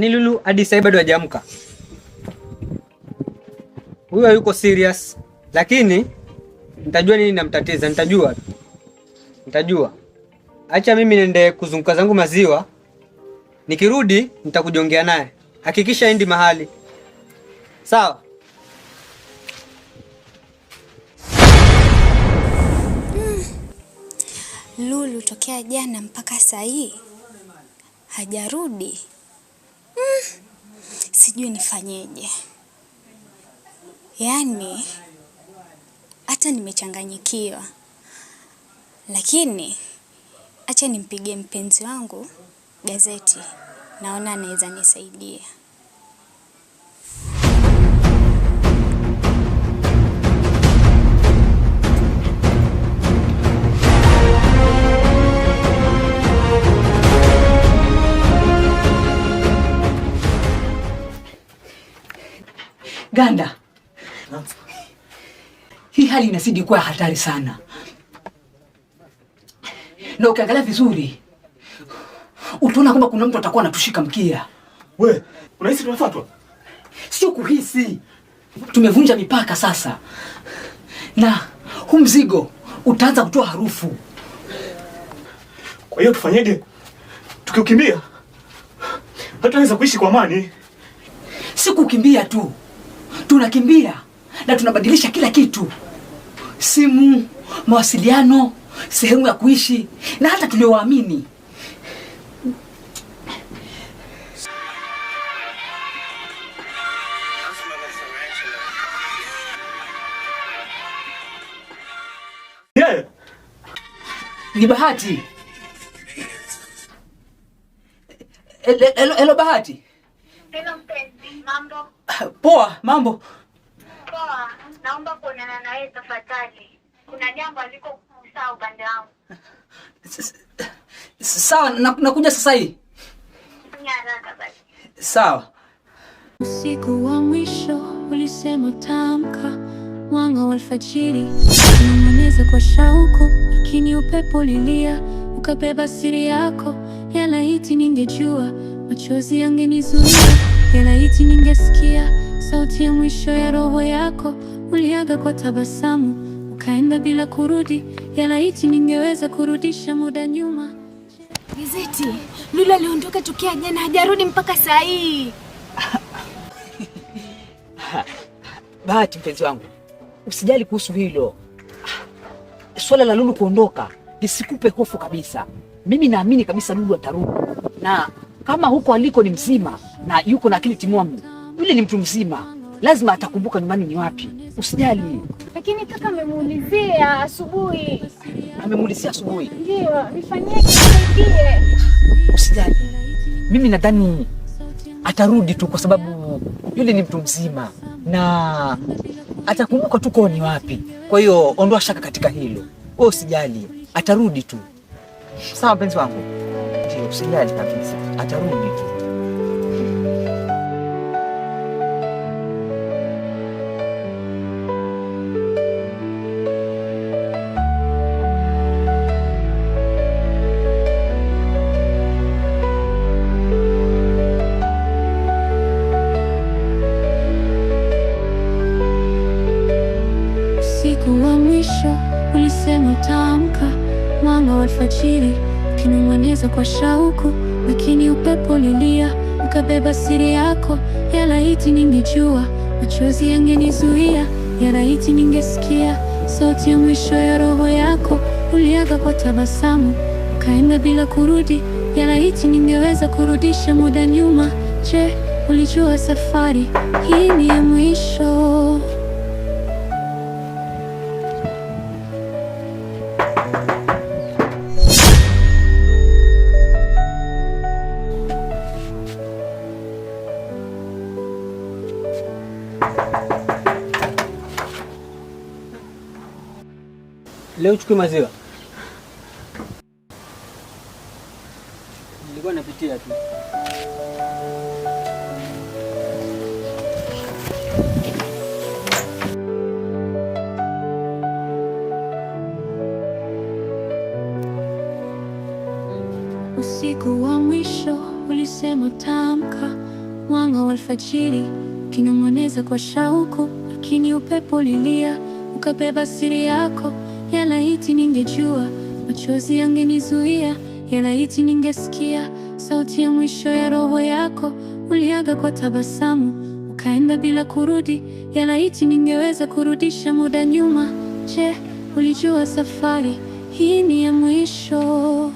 Yaani Lulu hadi sasa bado hajamka. Huyu hayuko serious, lakini nitajua nini namtatiza, nitajua nitajua. Acha mimi niende kuzunguka zangu maziwa, nikirudi nitakujongea naye. Hakikisha endi mahali sawa. Hmm. Lulu tokea jana mpaka saa hii hajarudi sijui nifanyeje. Yaani hata nimechanganyikiwa, lakini acha nimpigie mpenzi wangu gazeti, naona anaweza nisaidia. Ganda, hii hali inazidi kuwa hatari sana, na ukiangalia vizuri utaona kwamba kuna mtu atakuwa anatushika mkia. We, unahisi tunafatwa Sio kuhisi, tumevunja mipaka sasa, na huu mzigo utaanza kutoa harufu. Kwa hiyo tufanyeje? Tukiukimbia hatuweza kuishi kwa amani. sikukimbia kukimbia tu tunakimbia na tunabadilisha kila kitu, simu, mawasiliano, sehemu ya kuishi na hata tuliowaamini. Ni Bahati. Elo Bahati. Hello mpenzi, mambo? Poa, mambo? Poa. Naomba kuonana na wewe tafadhali. Kuna jambo aliko sawa upande wangu. Sawa, nakuja sasa hivi. Fanya haraka Sawa. Usiku wa mwisho ulisema tamka, mwanga wa alfajiri unaweza kwa shauku, lakini upepo lilia ukabeba siri yako, yalaiti ningejua machozi yangenizuia, yalaiti ningesikia sauti ya mwisho ya roho yako. Uliaga kwa tabasamu, ukaenda bila kurudi, yalaiti ningeweza kurudisha muda nyuma. Gazeti Lulu aliondoka tokea jana, hajarudi mpaka saa hii. Bahati mpenzi wangu, usijali kuhusu hilo swala la Lulu kuondoka, lisikupe hofu kabisa. Mimi naamini kabisa Lulu atarudi na kama huko aliko ni mzima na yuko na akili timamu, yule ni mtu mzima, lazima atakumbuka nyumbani ni wapi. Usijali. Lakini kaka amemuulizia asubuhi, amemuulizia asubuhi. Ndio, nifanyeje? Usijali, mimi nadhani atarudi tu, kwa sababu yule ni mtu mzima na atakumbuka tu kwao ni wapi. Kwa hiyo ondoa shaka katika hilo, wewe usijali, atarudi tu. Sawa mpenzi wangu. እስኪ ያልታፊት አተሩ እንዴት Siku wa mwisho ulisema utaamka, mama wa alfajiri ukinung'aniza kwa shauku, lakini upepo lilia ukabeba siri yako. Ya laiti ningejua, machozi yangenizuia. Ya laiti ningesikia sauti ya mwisho ya roho yako. Uliaga kwa tabasamu, ukaenda bila kurudi. Ya laiti ningeweza kurudisha muda nyuma. Je, ulijua safari hii ni ya mwisho? Leo uchukue maziwa. Nilikuwa napitia tu. Usiku wa mwisho ulisema tamka, mwanga wa alfajiri kinong'oneza kwa shauku, lakini upepo lilia ukabeba siri yako. Yalaiti ningejua, machozi yangenizuia. Yalaiti ningesikia sauti ya mwisho ya roho yako. Uliaga kwa tabasamu, ukaenda bila kurudi. Yalaiti ningeweza kurudisha muda nyuma. Je, ulijua safari hii ni ya mwisho?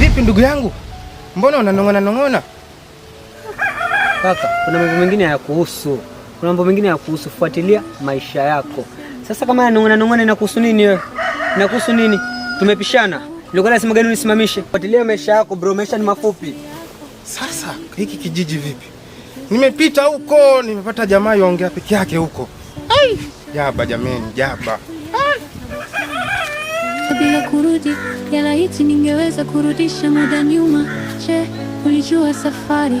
Vipi ndugu yangu, mbona unanong'ona nong'ona? Kaka, kuna mambo mengine ya kuhusu, kuna mambo mengine ya kuhusu, Fuatilia maisha yako. Sasa kama yanong'ona nong'ona, inakuhusu nini wewe? Inakuhusu nini? Tumepishana, nilikuwa nasema gani unisimamishe? Fuatilia maisha yako bro, maisha ni mafupi. Sasa hiki kijiji vipi? Nimepita huko, nimepata jamaa yongea peke yake huko. Ai, jaba jameni, jaba ah! bila kurudi yalaiti, ningeweza kurudisha muda nyuma. Je, ulijua safari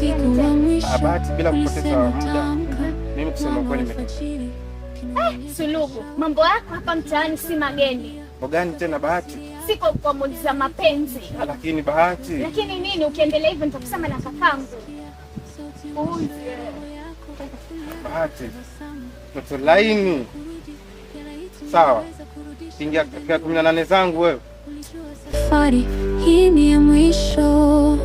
siku wa mwisho bila kupoteza muda, eh, Sulugu, mambo yako hapa mtaani si mageni. Mbogani tena Bahati? Siko kwa modi za mapenzi. Ah, lakini Bahati. Lakini nini ukiendelea hivyo nitakusema na kakangu. Uzi. Bahati. Toto laini. Sawa. Ingia katika kumi na nane zangu wewe. Safari hii ni ya mwisho.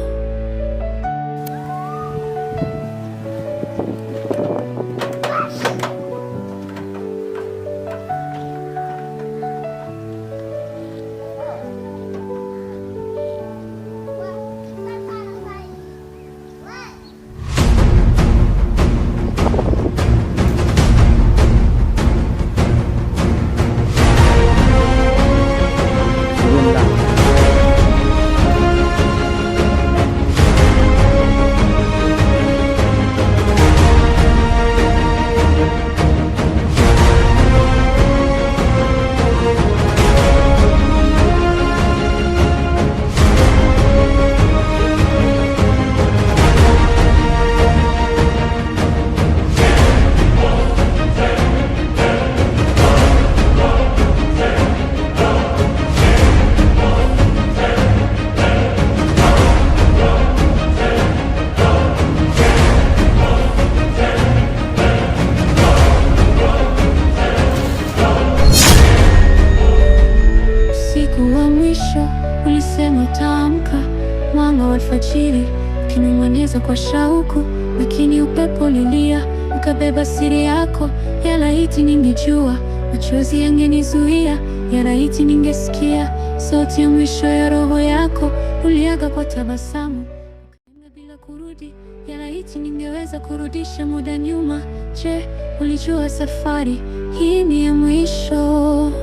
alfajiri, ukining'oniza kwa shauku, lakini upepo ulilia ukabeba siri yako. laiti ningejua, machozi yangenizuia. laiti ningesikia sauti ya mwisho ya roho yako. Uliaga kwa tabasamu bila kurudi. laiti ningeweza kurudisha muda nyuma. Je, ulijua safari hii ni ya mwisho?